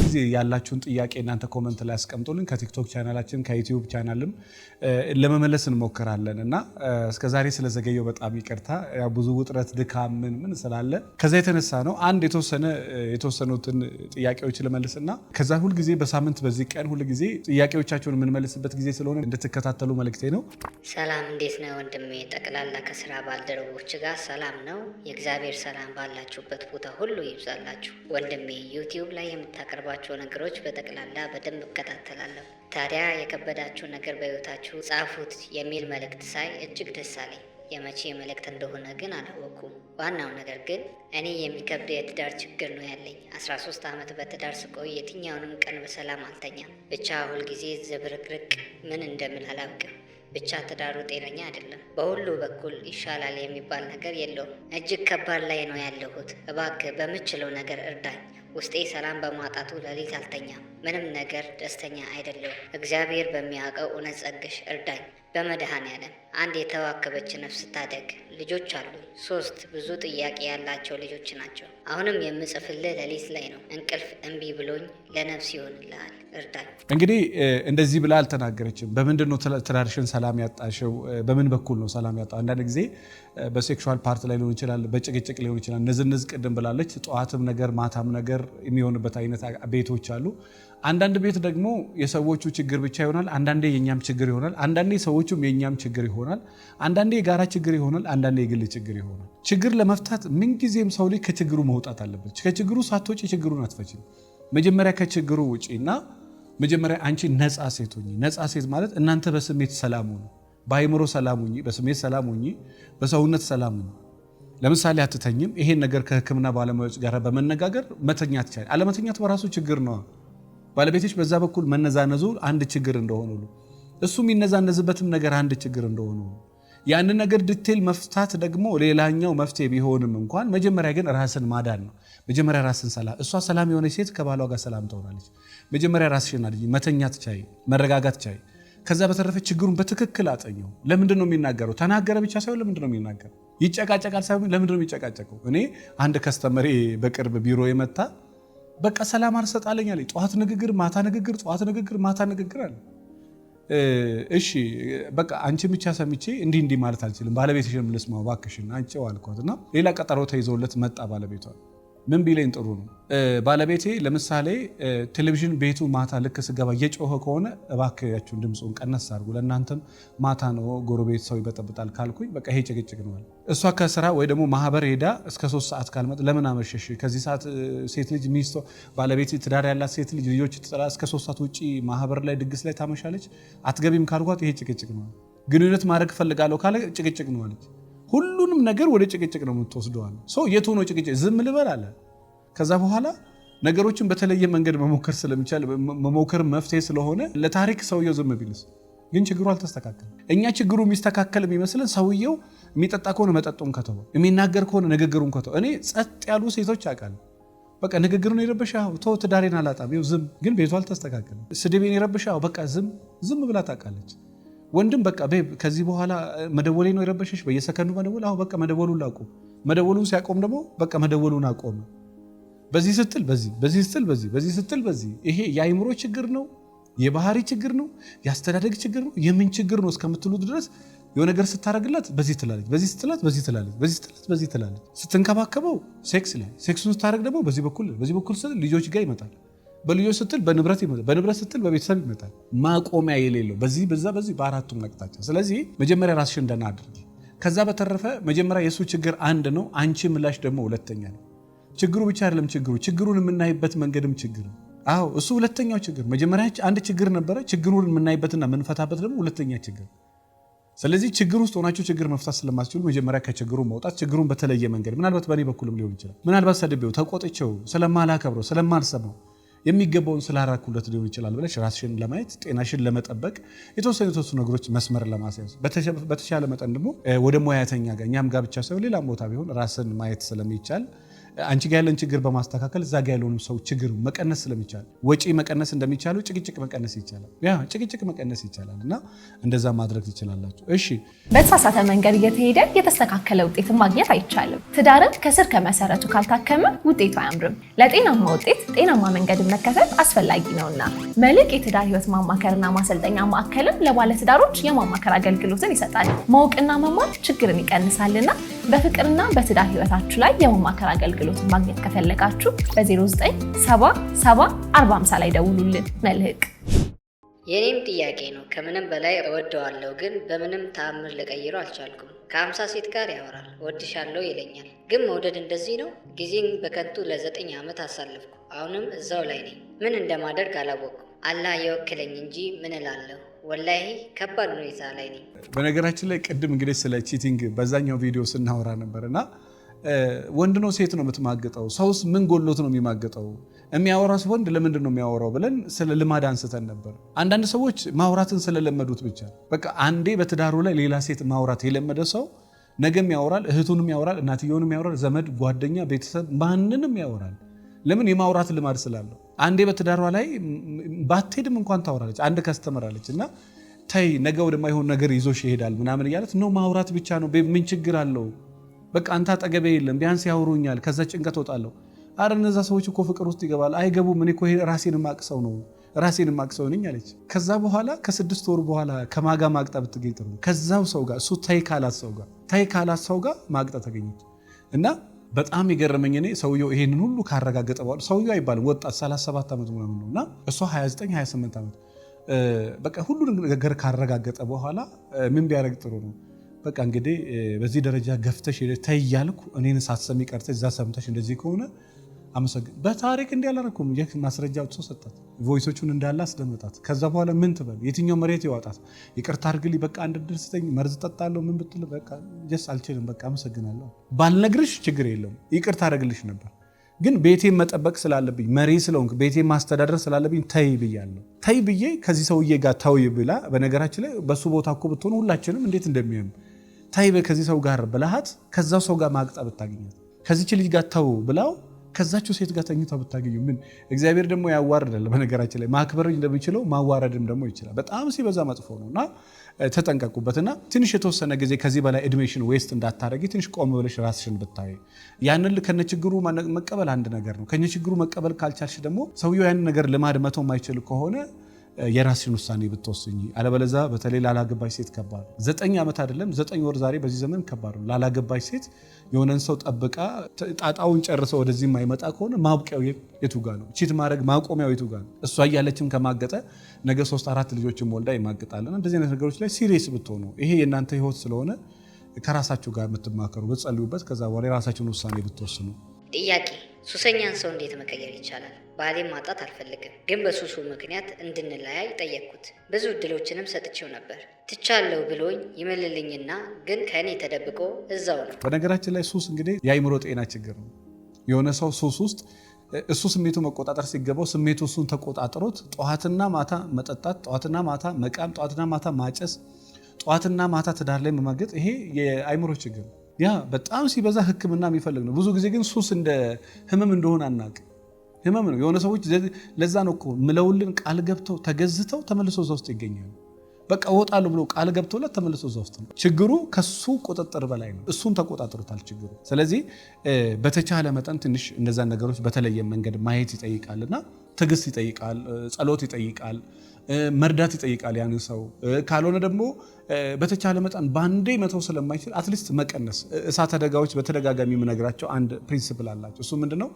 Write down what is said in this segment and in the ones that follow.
ጊዜ ያላችሁን ጥያቄ እናንተ ኮመንት ላይ አስቀምጡልን። ከቲክቶክ ቻናላችን ከዩቲዩብ ቻናልም ለመመለስ እንሞክራለን እና እስከዛሬ ስለዘገየው በጣም ይቅርታ። ብዙ ውጥረት፣ ድካም ምን ምን ስላለ ከዛ የተነሳ ነው። አንድ የተወሰነ የተወሰኑትን ጥያቄዎች እና ከዛ ሁል ጊዜ በሳምንት በዚህ ቀን ጊዜ ጥያቄዎቻቸውን የምንመልስበት ጊዜ ስለሆነ እንድትከታተሉ መልክቴ ነው። ሰላም እንዴት ነው ወንድሜ? ጠቅላላ ከስራ ባልደረቦች ጋር ሰላም ነው። የእግዚአብሔር ሰላም ባላችሁበት ቦታ ሁሉ ይብዛላችሁ ወንድሜ። ዩቲዩብ ላይ የምታ የምታቀርቧቸው ነገሮች በጠቅላላ በደንብ እከታተላለሁ። ታዲያ የከበዳችሁ ነገር በሕይወታችሁ ጻፉት የሚል መልእክት ሳይ እጅግ ደስ አለኝ። የመቼ መልእክት እንደሆነ ግን አላወኩም። ዋናው ነገር ግን እኔ የሚከብድ የትዳር ችግር ነው ያለኝ። 13 ዓመት በትዳር ስቆይ የትኛውንም ቀን በሰላም አልተኛም። ብቻ ሁልጊዜ ዝብርቅርቅ ምን እንደምን አላውቅም። ብቻ ትዳሩ ጤነኛ አይደለም። በሁሉ በኩል ይሻላል የሚባል ነገር የለውም። እጅግ ከባድ ላይ ነው ያለሁት። እባክህ በምችለው ነገር እርዳኝ። ውስጤ ሰላም በማጣቱ ሌሊት አልተኛም። ምንም ነገር ደስተኛ አይደለም። እግዚአብሔር በሚያውቀው እውነት ጸግሽ እርዳኝ። በመድኃኔዓለም አንድ የተዋከበች ነፍስ ታደግ። ልጆች አሉ። ሶስት ብዙ ጥያቄ ያላቸው ልጆች ናቸው። አሁንም የምጽፍልህ ሌሊት ላይ ነው። እንቅልፍ እምቢ ብሎኝ ለነፍስ ይሆንልሃል እርዳኝ። እንግዲህ እንደዚህ ብላ አልተናገረችም። በምንድን ነው ትዳርሽን ሰላም ያጣሽው? በምን በኩል ነው ሰላም ያጣው? አንዳንድ ጊዜ በሴክሹዋል ፓርት ላይ ሊሆን ይችላል፣ በጭቅጭቅ ሊሆን ይችላል። ንዝንዝ ቅድም ብላለች። ጠዋትም ነገር ማታም ነገር የሚሆንበት አይነት ቤቶች አሉ። አንዳንድ ቤት ደግሞ የሰዎቹ ችግር ብቻ ይሆናል። አንዳንዴ የእኛም ችግር ይሆናል። አንዳንዴ ሰዎቹም የእኛም ችግር ይሆናል። አንዳንዴ የጋራ ችግር ይሆናል። አንዳንድ የግል ችግር ይሆናል። ችግር ለመፍታት ምንጊዜም ሰው ልጅ ከችግሩ መውጣት አለበት። ከችግሩ ሳትወጪ ችግሩን አትፈችም። መጀመሪያ ከችግሩ ውጪ እና መጀመሪያ አንቺ ነፃ ሴት ሁኚ። ነፃ ሴት ማለት እናንተ በስሜት ሰላም ሁኑ፣ በአይምሮ ሰላም ሁኚ፣ በስሜት ሰላም ሁኚ፣ በሰውነት ሰላም ሁኚ። ለምሳሌ አትተኝም። ይሄን ነገር ከህክምና ባለሙያዎች ጋር በመነጋገር መተኛት ይቻል። አለመተኛት በራሱ ችግር ነው። ባለቤቶች በዛ በኩል መነዛነዙ አንድ ችግር እንደሆነ ሁሉ እሱ የሚነዛነዝበትም ነገር አንድ ችግር እንደሆነ ያንን ነገር ድቴል መፍታት ደግሞ ሌላኛው መፍትሄ ቢሆንም እንኳን መጀመሪያ ግን ራስን ማዳን ነው። መጀመሪያ ራስን ሰላም እሷ ሰላም የሆነ ሴት ከባሏ ጋር ሰላም ትሆናለች። መጀመሪያ ራስሽን አድኝ፣ መተኛት ቻይ፣ መረጋጋት ቻይ። ከዛ በተረፈ ችግሩን በትክክል አጠኘው። ለምንድን ነው የሚናገረው? ተናገረ ብቻ ሳይሆን ለምንድን ነው የሚናገረው? ይጨቃጨቃል ሳይሆን ለምንድን ነው የሚጨቃጨቀው? እኔ አንድ ከስተመሬ በቅርብ ቢሮ የመታ በቃ ሰላም አልሰጥ አለኝ ጠዋት ንግግር፣ ማታ ንግግር፣ ጠዋት ንግግር፣ ማታ ንግግር አለ እሺ በቃ አንቺ ብቻ ሰምቼ እንዲህ እንዲህ ማለት አልችልም፣ ባለቤትሽንም ልስማው እባክሽን አንቺው አልኳት እና ሌላ ቀጠሮ ተይዘውለት መጣ ባለቤቷ ምን ቢለኝ ጥሩ ነው? ባለቤቴ ለምሳሌ ቴሌቪዥን ቤቱ ማታ ልክ ስገባ እየጮኸ ከሆነ እባካያችሁን ድምፁን ቀነስ አድርጉ፣ ለእናንተም ማታ ነው ጎረቤት ሰው ይበጠብጣል ካልኩኝ በቃ ይሄ ጭቅጭቅ ነው። እሷ ከስራ ወይ ደግሞ ማህበር ሄዳ እስከ ሶስት ሰዓት ካልመጣ ለምን አመሸሽ? ከዚህ ሰዓት ሴት ልጅ ሚስቶ ባለቤት ትዳር ያላት ሴት ልጅ ልጆች ትጠራ እስከ ሶስት ሰዓት ውጭ ማህበር ላይ ድግስ ላይ ታመሻለች፣ አትገቢም ካልኳት ይሄ ጭቅጭቅ ነው። ግንኙነት ማድረግ እፈልጋለሁ ካለ ጭቅጭቅ ነው አለች። ሁሉንም ነገር ወደ ጭቅጭቅ ነው የምትወስደዋል። ሰው የት ሆኖ ጭቅጭቅ ዝም ልበል አለ። ከዛ በኋላ ነገሮችን በተለየ መንገድ መሞከር ስለሚቻል መሞከር መፍትሄ ስለሆነ ለታሪክ ሰውየው ዝም ቢልስ ግን ችግሩ አልተስተካከልም። እኛ ችግሩ የሚስተካከል የሚመስለን ሰውየው የሚጠጣ ከሆነ መጠጡን ከተው፣ የሚናገር ከሆነ ንግግሩን ከተው። እኔ ጸጥ ያሉ ሴቶች አውቃለሁ። በቃ ንግግሩን የረበሸ ተወው፣ ትዳሬን አላጣም፣ ዝም። ግን ቤቱ አልተስተካከልም። ስድቤን የረበሸ በቃ ዝም። ዝም ብላ ታውቃለች። ወንድም በቃ ቤብ ከዚህ በኋላ መደወሌ ነው የረበሸሽ፣ በየሰከንዱ መደወል። አሁን በቃ መደወሉን ላቁም። መደወሉን ሲያቆም ደግሞ በቃ መደወሉን አቆመ። በዚህ ስትል በዚህ በዚህ ስትል በዚህ በዚህ ስትል በዚህ። ይሄ የአይምሮ ችግር ነው፣ የባህሪ ችግር ነው፣ የአስተዳደግ ችግር ነው፣ የምን ችግር ነው እስከምትሉት ድረስ የሆነ ነገር ስታደርግላት በዚህ ትላለች፣ በዚህ ስትላት በዚህ ትላለች፣ በዚህ ስትላት በዚህ ትላለች። ስትንከባከበው ሴክስ ላይ ሴክሱን ስታደርግ ደግሞ በዚህ በኩል በዚህ በኩል ልጆች ጋር ይመጣል። በልጆች ስትል በንብረት ይመጣል፣ በንብረት ስትል በቤተሰብ ይመጣል። ማቆሚያ የሌለው በዚህ በዛ በዚህ በአራቱም አቅጣጫ። ስለዚህ መጀመሪያ ራስሽን ደህና አድርጊ። ከዛ በተረፈ መጀመሪያ የእሱ ችግር አንድ ነው፣ አንቺ ምላሽ ደግሞ ሁለተኛ ነው። ችግሩ ብቻ አይደለም ችግሩ ችግሩን የምናይበት መንገድም ችግር ነው። አዎ እሱ ሁለተኛው ችግር። መጀመሪያ አንድ ችግር ነበረ፣ ችግሩን የምናይበትና የምንፈታበት ደግሞ ሁለተኛ ችግር። ስለዚህ ችግር ውስጥ ሆናችሁ ችግር መፍታት ስለማስችሉ መጀመሪያ ከችግሩ መውጣት፣ ችግሩን በተለየ መንገድ ምናልባት በእኔ በኩልም ሊሆን ይችላል። ምናልባት ሰድቤው፣ ተቆጥቼው፣ ስለማላከብረው፣ ስለማልሰማው የሚገባውን ስላራኩለት ሊሆን ይችላል ብለሽ ራስሽን ለማየት ጤናሽን ለመጠበቅ የተወሰኑ የተወሰኑ ነገሮች መስመር ለማስያዝ በተሻለ መጠን ደግሞ ወደ ሙያተኛ ጋር እኛም ጋር ብቻ ሳይሆን ሌላም ቦታ ቢሆን ራስን ማየት ስለሚቻል አንቺ ጋ ያለን ችግር በማስተካከል እዛ ጋ ያልሆኑ ሰው ችግር መቀነስ ስለሚቻል ወጪ መቀነስ እንደሚቻሉ ጭቅጭቅ መቀነስ ይቻላል፣ ያ ጭቅጭቅ መቀነስ ይቻላል እና እንደዛ ማድረግ ትችላላችሁ። እሺ፣ በተሳሳተ መንገድ እየተሄደ የተስተካከለ ውጤትን ማግኘት አይቻልም። ትዳርን ከስር ከመሰረቱ ካልታከመ ውጤቱ አያምርም። ለጤናማ ውጤት ጤናማ መንገድን መከተል አስፈላጊ ነውና መልሕቅ የትዳር ህይወት ማማከርና ማሰልጠኛ ማዕከልም ለባለትዳሮች የማማከር አገልግሎትን ይሰጣል። ማወቅና መማር ችግርን ይቀንሳልና በፍቅርና በትዳር ህይወታችሁ ላይ የማማከር አገልግሎት አገልግሎት ማግኘት ከፈለጋችሁ በ0977 ላይ ደውሉልን። መልህቅ የኔም ጥያቄ ነው። ከምንም በላይ እወደዋለሁ፣ ግን በምንም ተአምር ልቀይሮ አልቻልኩም። ከአምሳ ሴት ጋር ያወራል፣ እወድሻለሁ ይለኛል። ግን መውደድ እንደዚህ ነው? ጊዜን በከንቱ ለዘጠኝ ዓመት አሳለፍኩ። አሁንም እዛው ላይ ነኝ። ምን እንደማደርግ አላወቅኩም። አላህ የወክለኝ እንጂ ምን እላለሁ? ወላሂ ከባድ ሁኔታ ላይ ነኝ። በነገራችን ላይ ቅድም እንግዲህ ስለ ቺቲንግ በዛኛው ቪዲዮ ስናወራ ነበር ወንድ ነው ሴት ነው የምትማግጠው? ሰውስ ምን ጎሎት ነው የሚማግጠው? የሚያወራስ ወንድ ለምንድን ነው የሚያወራው ብለን ስለ ልማድ አንስተን ነበር። አንዳንድ ሰዎች ማውራትን ስለለመዱት ብቻ በቃ አንዴ በትዳሩ ላይ ሌላ ሴት ማውራት የለመደ ሰው ነገም ያወራል፣ እህቱንም ያወራል፣ እናትየውንም ያወራል፣ ዘመድ፣ ጓደኛ፣ ቤተሰብ ማንንም ያወራል። ለምን? የማውራት ልማድ ስላለው። አንዴ በትዳሯ ላይ ባትሄድም እንኳን ታወራለች። አንድ አለች እና ተይ ነገ ወደማይሆን ነገር ይዞሽ ይሄዳል ምናምን እያለት ነው ማውራት ብቻ ነው። ምን ችግር አለው? በቃ አንተ አጠገቤ የለም፣ ቢያንስ ያውሩኛል ከዛ ጭንቀት እወጣለሁ። አረ እነዛ ሰዎች እኮ ፍቅር ውስጥ ይገባል፣ አይገቡም። እኔ እኮ ራሴን ማቅሰው ነው ራሴን ማቅሰው ነኝ አለች። ከዛ በኋላ ከስድስት ወር በኋላ ከማጋ ማቅጣ ብትገኝ ጥሩ። ከዛው ሰው ጋር እሱ ታይ ካላት ሰው ጋር ታይ ካላት ሰው ጋር ማቅጣ ተገኘች እና በጣም የገረመኝ እኔ ሰውየው ይሄንን ሁሉ ካረጋገጠ በኋላ ሰውየው አይባልም ወጣት 37 ዓመት ምናምን ነው እና እሷ 29 28 ዓመት በቃ ሁሉ ነገር ካረጋገጠ በኋላ ምን ቢያደርግ ጥሩ ነው? በቃ እንግዲህ በዚህ ደረጃ ገፍተሽ ተያልኩ እኔን ሳትሰሚ ቀርተሽ እዛ ሰምተሽ እንደዚህ ከሆነ አመሰግን። በታሪክ እንዲህ አላደረኩም። ማስረጃ አውጥቶ ሰጣት፣ ቮይሶቹን እንዳለ አስደመጣት። ከዛ በኋላ ምን ትበል? የትኛው መሬት ይዋጣት? ይቅርታ አድርግልኝ፣ በቃ አንድ ድርስተኝ መርዝ ጠጣለሁ፣ ምን ብትል በቃ ጀስ አልችልም፣ በቃ አመሰግናለሁ። ባልነግርሽ ችግር የለውም፣ ይቅርታ አደርግልሽ ነበር ግን ቤቴን መጠበቅ ስላለብኝ መሪ ስለሆንኩ ቤቴን ማስተዳደር ስላለብኝ ተይ ብያለሁ። ተይ ብዬ ከዚህ ሰውዬ ጋር ተው ብላ በነገራችን ላይ በሱ ቦታ እኮ ብትሆኑ ሁላችንም እንዴት እንደሚያም ታይ ከዚህ ሰው ጋር ብላሃት ከዛ ሰው ጋር ማቅጣ ብታገኛት ከዚች ልጅ ጋር ተው ብላው ከዛችው ሴት ጋር ተኝታ ብታገኙ ምን እግዚአብሔር ደግሞ ያዋርዳል። በነገራችን ላይ ማክበር እንደሚችለው ማዋረድም ደግሞ ይችላል። በጣም ሲበዛ መጥፎ ነው እና ተጠንቀቁበትና ትንሽ የተወሰነ ጊዜ ከዚህ በላይ እድሜሽን ዌስት እንዳታረጊ ትንሽ ቆም ብለሽ ራስሽን ብታይ ያንን ችግሩ መቀበል አንድ ነገር ነው። ችግሩ መቀበል ካልቻልሽ ደግሞ ሰውየው ያንን ነገር ልማድ መተው የማይችል ከሆነ የራስሽን ውሳኔ ብትወስኝ። አለበለዛ በተለይ ላላገባች ሴት ከባድ ነው። ዘጠኝ ዓመት አይደለም ዘጠኝ ወር ዛሬ በዚህ ዘመን ከባድ ነው። ላላገባች ሴት የሆነን ሰው ጠብቃ ጣጣውን ጨርሰው ወደዚህ የማይመጣ ከሆነ ማብቂያው የቱ ጋ ነው? ቺት ማድረግ ማቆሚያው የቱ ጋ ነው? እሷ እያለችም ከማገጠ ነገ ሶስት አራት ልጆችም ወልዳ ይማግጣልና እንደዚህ አይነት ነገሮች ላይ ሲሪየስ ብትሆኑ ይሄ የእናንተ ህይወት ስለሆነ ከራሳችሁ ጋር የምትማከሩ ብትጸልዩበት፣ ከዛ በኋላ የራሳችሁን ውሳኔ ብትወስኑ። ጥያቄ ሱሰኛን ሰው እንዴት መቀየር ይቻላል? ባሌ ማጣት አልፈልግም፣ ግን በሱሱ ምክንያት እንድንለያይ ጠየቅኩት። ብዙ እድሎችንም ሰጥቼው ነበር። ትቻለሁ ብሎኝ ይምልልኝና ግን ከእኔ ተደብቆ እዛው ነው። በነገራችን ላይ ሱስ እንግዲህ የአይምሮ ጤና ችግር ነው። የሆነ ሰው ሱስ ውስጥ እሱ ስሜቱ መቆጣጠር ሲገባው ስሜቱ እሱን ተቆጣጥሮት ጠዋትና ማታ መጠጣት፣ ጠዋትና ማታ መቃም፣ ጠዋትና ማታ ማጨስ፣ ጠዋትና ማታ ትዳር ላይ መማገጥ፣ ይሄ የአይምሮ ችግር ያ በጣም ሲበዛ ሕክምና የሚፈልግ ነው። ብዙ ጊዜ ግን ሱስ እንደ ህመም እንደሆነ አናውቅም። ህመም ነው። የሆነ ሰዎች ለዛ ነው እኮ ምለውልን ቃል ገብተው ተገዝተው ተመልሶ እዛ ውስጥ ይገኛሉ። በቃ እወጣለሁ ብሎ ቃል ገብቶለት ተመልሶ እዛ ውስጥ ነው። ችግሩ ከሱ ቁጥጥር በላይ ነው። እሱን ተቆጣጥሮታል ችግሩ። ስለዚህ በተቻለ መጠን ትንሽ እነዛን ነገሮች በተለየ መንገድ ማየት ይጠይቃልና ትግስት ይጠይቃል፣ ጸሎት ይጠይቃል፣ መርዳት ይጠይቃል ያን ሰው። ካልሆነ ደግሞ በተቻለ መጠን በአንዴ መተው ስለማይችል አትሊስት መቀነስ። እሳት አደጋዎች በተደጋጋሚ የምነግራቸው አንድ ፕሪንስፕል አላቸው። እሱ ምንድነው?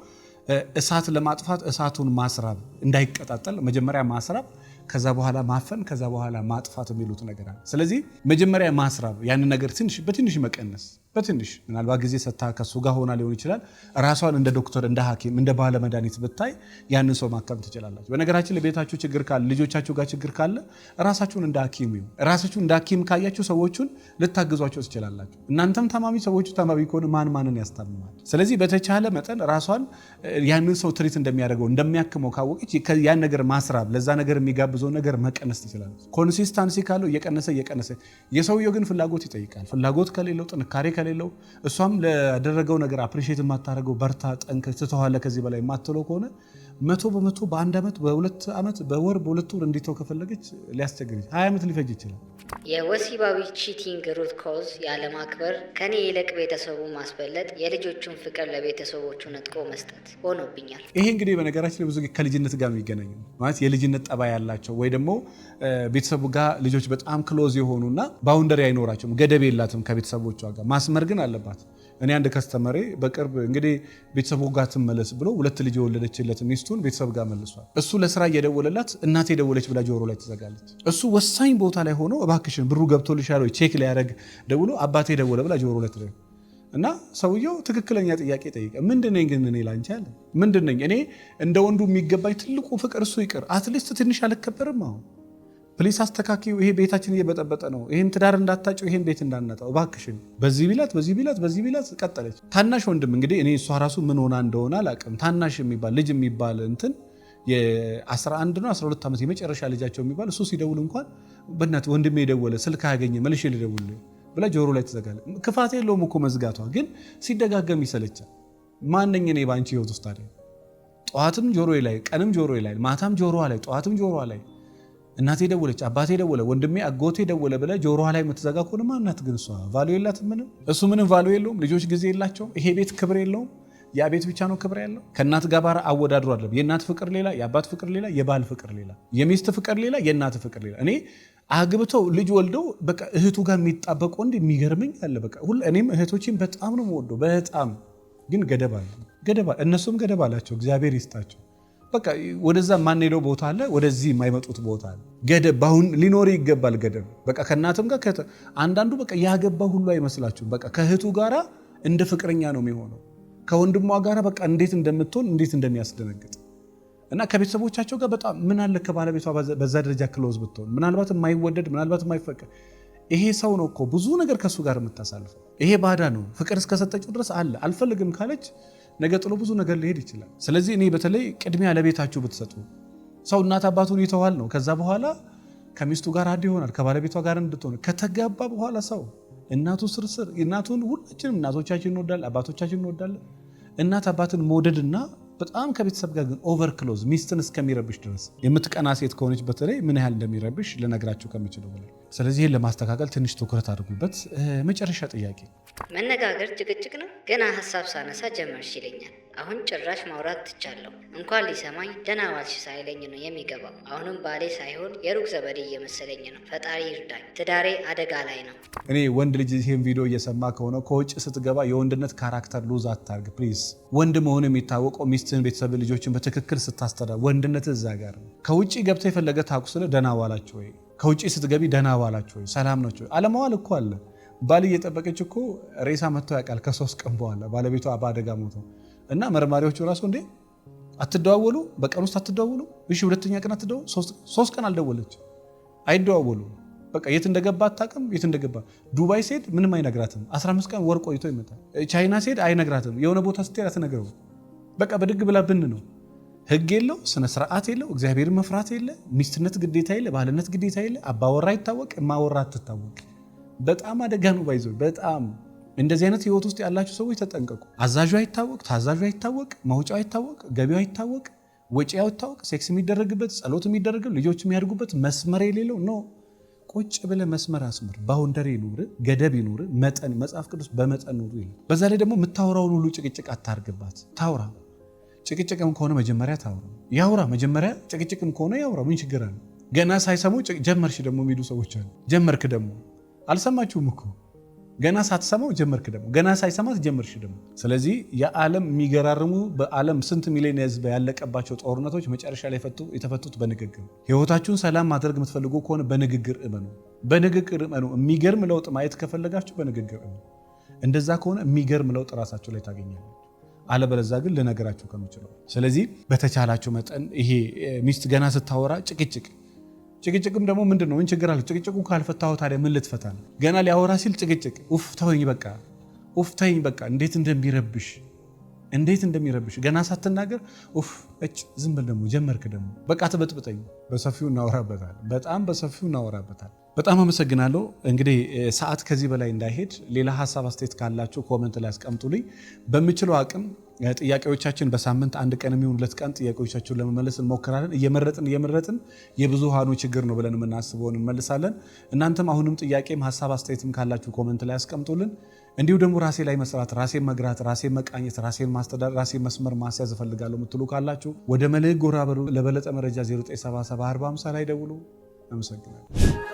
እሳት ለማጥፋት እሳቱን ማስራብ እንዳይቀጣጠል መጀመሪያ ማስራብ ከዛ በኋላ ማፈን፣ ከዛ በኋላ ማጥፋት የሚሉት ነገር አለ። ስለዚህ መጀመሪያ ማስራብ፣ ያንን ነገር በትንሽ መቀነስ፣ በትንሽ ምናልባት ጊዜ ሰታ ከሱ ጋር ሆና ሊሆን ይችላል። ራሷን እንደ ዶክተር፣ እንደ ሐኪም፣ እንደ ባለ መድኃኒት ብታይ ያንን ሰው ማከም ትችላላችሁ። በነገራችን ለቤታችሁ ችግር ካለ፣ ልጆቻችሁ ጋር ችግር ካለ ራሳችሁን እንደ ሐኪም እዩ። ራሳችሁን እንደ ሐኪም ካያችሁ ሰዎቹን ልታግዟቸው ትችላላችሁ። እናንተም ታማሚ፣ ሰዎቹ ታማሚ ከሆነ ማን ማንን ያስታምማል? ስለዚህ በተቻለ መጠን ራሷን ያንን ሰው ትሪት እንደሚያደርገው እንደሚያክመው ካወቀች ያን ነገር ማስራብ ለዛ ነገር የሚጋብ የሚጋብዘውን ነገር መቀነስ ትችላለች። ኮንሲስታንሲ ካለው እየቀነሰ እየቀነሰ የሰውየው ግን ፍላጎት ይጠይቃል። ፍላጎት ከሌለው ጥንካሬ ከሌለው እሷም ለደረገው ነገር አፕሪሼት የማታደርገው በርታ፣ ጠንክ፣ ትተዋለህ ከዚህ በላይ የማትለው ከሆነ መቶ በመቶ በአንድ ዓመት በሁለት ዓመት በወር በሁለት ወር እንዲተው ከፈለገች ሊያስቸግር ይችላል። ሀያ ዓመት ሊፈጅ ይችላል። የወሲባዊ ቺቲንግ ሩት ኮዝ ያለማክበር፣ ከኔ ይልቅ ቤተሰቡ ማስበለጥ፣ የልጆቹን ፍቅር ለቤተሰቦቹ ነጥቆ መስጠት ሆኖብኛል። ይሄ እንግዲህ በነገራችን ብዙ ከልጅነት ጋር የሚገናኝ ማለት የልጅነት ጠባይ ያላቸው ወይ ደግሞ ቤተሰቡ ጋር ልጆች በጣም ክሎዝ የሆኑና ባውንደሪ አይኖራቸውም፣ ገደብ የላትም ከቤተሰቦቿ ጋር ማስመር ግን አለባት እኔ አንድ ከስተመሬ በቅርብ እንግዲህ ቤተሰቡ ጋር ትመለስ ብሎ ሁለት ልጅ የወለደችለት ሚስቱን ቤተሰብ ጋር መልሷል። እሱ ለስራ እየደወለላት እናቴ ደወለች ብላ ጆሮ ላይ ትዘጋለች። እሱ ወሳኝ ቦታ ላይ ሆኖ እባክሽን ብሩ ገብቶልሻል ወይ ቼክ ሊያደርግ ደውሎ አባቴ ደወለ ብላ ጆሮ ላይ ትዘጋለች። እና ሰውየው ትክክለኛ ጥያቄ ጠይቀ ምንድነኝ ግን እኔ ላንቺ አለ ምንድነኝ እኔ እንደ ወንዱ የሚገባኝ ትልቁ ፍቅር እሱ ይቅር አትሊስት ትንሽ አልከበርም አሁን ፕሊስ አስተካኪው፣ ይሄ ቤታችን እየበጠበጠ ነው፣ ይህን ትዳር እንዳታጭው፣ ይሄን ቤት እንዳናጣው እባክሽን። በዚህ ቢላት በዚህ ቢላት በዚህ ቢላት ቀጠለች። ታናሽ ወንድም እንግዲህ እኔ እሷ ራሱ ምን ሆና እንደሆነ አላውቅም። ታናሽ የሚባል ልጅ የሚባል እንትን የ11 ነው 12 ዓመት የመጨረሻ ልጃቸው የሚባል እሱ ሲደውል እንኳን በእናት ወንድሜ የደወለ ስልክ አያገኘ መልሼ ልደውል ብላ ጆሮ ላይ ትዘጋለ። ክፋት የለውም እኮ መዝጋቷ፣ ግን ሲደጋገም ይሰለቻል። ማነኝ እኔ በአንቺ ህይወት ውስጥ ታዲያ? ጠዋትም ጆሮ ላይ፣ ቀንም ጆሮ ላይ፣ ማታም ጆሮ ላይ፣ ጠዋትም ጆሮ ላይ እናቴ ደወለች፣ አባቴ ደወለ፣ ወንድሜ አጎቴ ደወለ ብለህ ጆሮዋ ላይ የምትዘጋ ከሆነማ እናት ግን እሷ ቫሉ የላትም። ምንም እሱ ምንም ቫሉ የለውም። ልጆች ጊዜ የላቸውም። ይሄ ቤት ክብር የለውም። ያ ቤት ብቻ ነው ክብር ያለው። ከእናት ጋር አወዳድሮ አለም። የእናት ፍቅር ሌላ፣ የአባት ፍቅር ሌላ፣ የባል ፍቅር ሌላ፣ የሚስት ፍቅር ሌላ፣ የእናት ፍቅር ሌላ። እኔ አግብተው ልጅ ወልደው በቃ እህቱ ጋር የሚጣበቅ ወንድ የሚገርመኝ አለ። በቃ እኔም እህቶችን በጣም ነው የምወደው። በጣም ግን ገደባ ገደባ፣ እነሱም ገደባ አላቸው። እግዚአብሔር ይስጣቸው። በቃ ወደዛ የማንሄደው ቦታ አለ፣ ወደዚህ የማይመጡት ቦታ አለ። ገደብ አሁን ሊኖር ይገባል። ገደብ በቃ ከእናትም ጋር አንዳንዱ በቃ ያገባ ሁሉ አይመስላችሁም። በቃ ከእህቱ ጋራ እንደ ፍቅረኛ ነው የሚሆነው ከወንድሟ ጋራ በቃ እንዴት እንደምትሆን እንዴት እንደሚያስደነግጥ እና ከቤተሰቦቻቸው ጋር በጣም ምን አለ ከባለቤቷ በዛ ደረጃ ክሎዝ ብትሆን ምናልባት የማይወደድ ምናልባት የማይፈቀድ ይሄ ሰው ነው እኮ ብዙ ነገር ከእሱ ጋር የምታሳልፈው። ይሄ ባዳ ነው። ፍቅር እስከሰጠችው ድረስ አለ አልፈልግም ካለች ነገ ጥሎ ብዙ ነገር ሊሄድ ይችላል። ስለዚህ እኔ በተለይ ቅድሚያ ለቤታችሁ ብትሰጡ፣ ሰው እናት አባቱን ይተዋል ነው። ከዛ በኋላ ከሚስቱ ጋር አንድ ይሆናል፣ ከባለቤቷ ጋር እንድትሆን ከተጋባ በኋላ ሰው እናቱ ስርስር እናቱን ሁላችንም እናቶቻችን እንወዳለን፣ አባቶቻችን እንወዳለን። እናት አባትን መውደድና በጣም ከቤተሰብ ጋር ግን ኦቨር ክሎዝ ሚስትን እስከሚረብሽ ድረስ የምትቀና ሴት ከሆነች በተለይ ምን ያህል እንደሚረብሽ ልነግራቸው ከምችለው በላይ። ስለዚህ ይህን ለማስተካከል ትንሽ ትኩረት አድርጉበት። መጨረሻ ጥያቄ፣ መነጋገር ጭቅጭቅ ነው። ገና ሀሳብ ሳነሳ ጀመርሽ ይለኛል። አሁን ጭራሽ ማውራት ትቻለሁ። እንኳን ሊሰማኝ ደህና ዋልሽ ሳይለኝ ነው የሚገባው። አሁንም ባሌ ሳይሆን የሩቅ ዘመዴ እየመሰለኝ ነው። ፈጣሪ ይርዳኝ፣ ትዳሬ አደጋ ላይ ነው። እኔ ወንድ ልጅ ይህን ቪዲዮ እየሰማ ከሆነ ከውጭ ስትገባ የወንድነት ካራክተር ሉዝ አታርግ ፕሊዝ። ወንድ መሆኑ የሚታወቀው ሚስትን፣ ቤተሰብ፣ ልጆችን በትክክል ስታስተዳ ወንድነት እዛ ጋር ነው። ከውጭ ገብተ የፈለገ ታቁስለ ደህና ዋላችሁ ወይ፣ ከውጭ ስትገቢ ደህና ዋላችሁ ወይ፣ ሰላም ናቸው። አለመዋል እኮ አለ። ባል እየጠበቀች እኮ ሬሳ መጥቶ ያውቃል። ከሶስት ቀን በኋላ ባለቤቷ በአደጋ ሞተው እና መርማሪዎቹ ራሱ እንዴ አትደዋወሉ፣ በቀን ውስጥ አትደዋወሉ። እሺ ሁለተኛ ቀን አትደዋወሉ። ሶስት ቀን አልደወለች፣ አይደዋወሉ። በቃ የት እንደገባ አታውቅም። የት እንደገባ ዱባይ ሴድ ምንም አይነግራትም። 15 ቀን ወር ቆይቶ ይመጣል። ቻይና ሴድ አይነግራትም። የሆነ ቦታ ስትሄድ አትነግረው። በቃ በድግ ብላ ብን ነው። ህግ የለው፣ ስነ ስርዓት የለው፣ እግዚአብሔር መፍራት የለ፣ ሚስትነት ግዴታ የለ፣ ባልነት ግዴታ የለ። አባወራ ይታወቅ፣ እማወራ አትታወቅ። በጣም አደጋ ነው ባይዞ በጣም እንደዚህ አይነት ህይወት ውስጥ ያላችሁ ሰዎች ተጠንቀቁ። አዛዡ አይታወቅ፣ ታዛዡ አይታወቅ፣ መውጫው አይታወቅ፣ ገቢው አይታወቅ፣ ወጪ አይታወቅ፣ ሴክስ የሚደረግበት፣ ጸሎት የሚደረግ ልጆች የሚያድጉበት መስመር የሌለው ነው። ቁጭ ብለህ መስመር አስምር። ባውንደሪ ይኑር፣ ገደብ ይኑር፣ መጠን መጽሐፍ ቅዱስ በመጠን ኑሩ ይላል። በዛ ላይ ደግሞ የምታወራውን ሁሉ ጭቅጭቅ አታርግባት። ታውራ ጭቅጭቅም ከሆነ መጀመሪያ ታውራ፣ ያውራ መጀመሪያ ጭቅጭቅም ከሆነ ያውራ። ምን ችግር አለ? ገና ሳይሰሙ ጀመርሽ ደግሞ የሚሉ ሰዎች አሉ። ጀመርክ ደግሞ አልሰማችሁም እኮ ገና ሳትሰማው ጀመርክ፣ ደግሞ ገና ሳይሰማት ጀመርሽ ደግሞ። ስለዚህ የዓለም የሚገራርሙ በዓለም ስንት ሚሊዮን ህዝብ ያለቀባቸው ጦርነቶች መጨረሻ ላይ የተፈቱት በንግግር። ህይወታችሁን ሰላም ማድረግ የምትፈልጉ ከሆነ በንግግር እመኑ፣ በንግግር እመኑ። የሚገርም ለውጥ ማየት ከፈለጋችሁ በንግግር እመኑ። እንደዛ ከሆነ የሚገርም ለውጥ ራሳችሁ ላይ ታገኛለ አለበለዛ ግን ልነገራችሁ ከምችለው። ስለዚህ በተቻላችሁ መጠን ይሄ ሚስት ገና ስታወራ ጭቅጭቅ ጭቅጭቅም ደግሞ ምንድን ነው? ምን ችግር አለ? ጭቅጭቁ ካልፈታሁ ታዲያ ምን ልትፈታ ነው? ገና ሊያወራ ሲል ጭቅጭቅ፣ ኡፍ ተወኝ በቃ፣ ኡፍ ተወኝ በቃ። እንዴት እንደሚረብሽ እንዴት እንደሚረብሽ ገና ሳትናገር ኡፍ እጭ፣ ዝም ብል ደግሞ ጀመርክ ደግሞ በቃ፣ ትበጥብጠኝ። በሰፊው እናወራበታል፣ በጣም በሰፊው እናወራበታል። በጣም አመሰግናለሁ። እንግዲህ ሰዓት ከዚህ በላይ እንዳይሄድ ሌላ ሀሳብ አስተያየት ካላችሁ ኮመንት ላይ አስቀምጡልኝ። በምችለው አቅም ጥያቄዎቻችን በሳምንት አንድ ቀን የሚሆን ሁለት ቀን ጥያቄዎቻችሁን ለመመለስ እንሞክራለን። እየመረጥን እየመረጥን የብዙሃኑ ችግር ነው ብለን የምናስበውን እንመልሳለን። እናንተም አሁንም ጥያቄም ሀሳብ አስተያየትም ካላችሁ ኮመንት ላይ አስቀምጡልን። እንዲሁ ደግሞ ራሴ ላይ መስራት፣ ራሴን መግራት፣ ራሴን መቃኘት፣ ራሴን ማስተዳደር፣ ራሴን መስመር ማስያዝ እፈልጋለሁ የምትሉ ካላችሁ ወደ መልሕቅ ጎራ በሉ። ለበለጠ መረጃ 0977 45 ላይ ደውሉ። አመሰግናለሁ።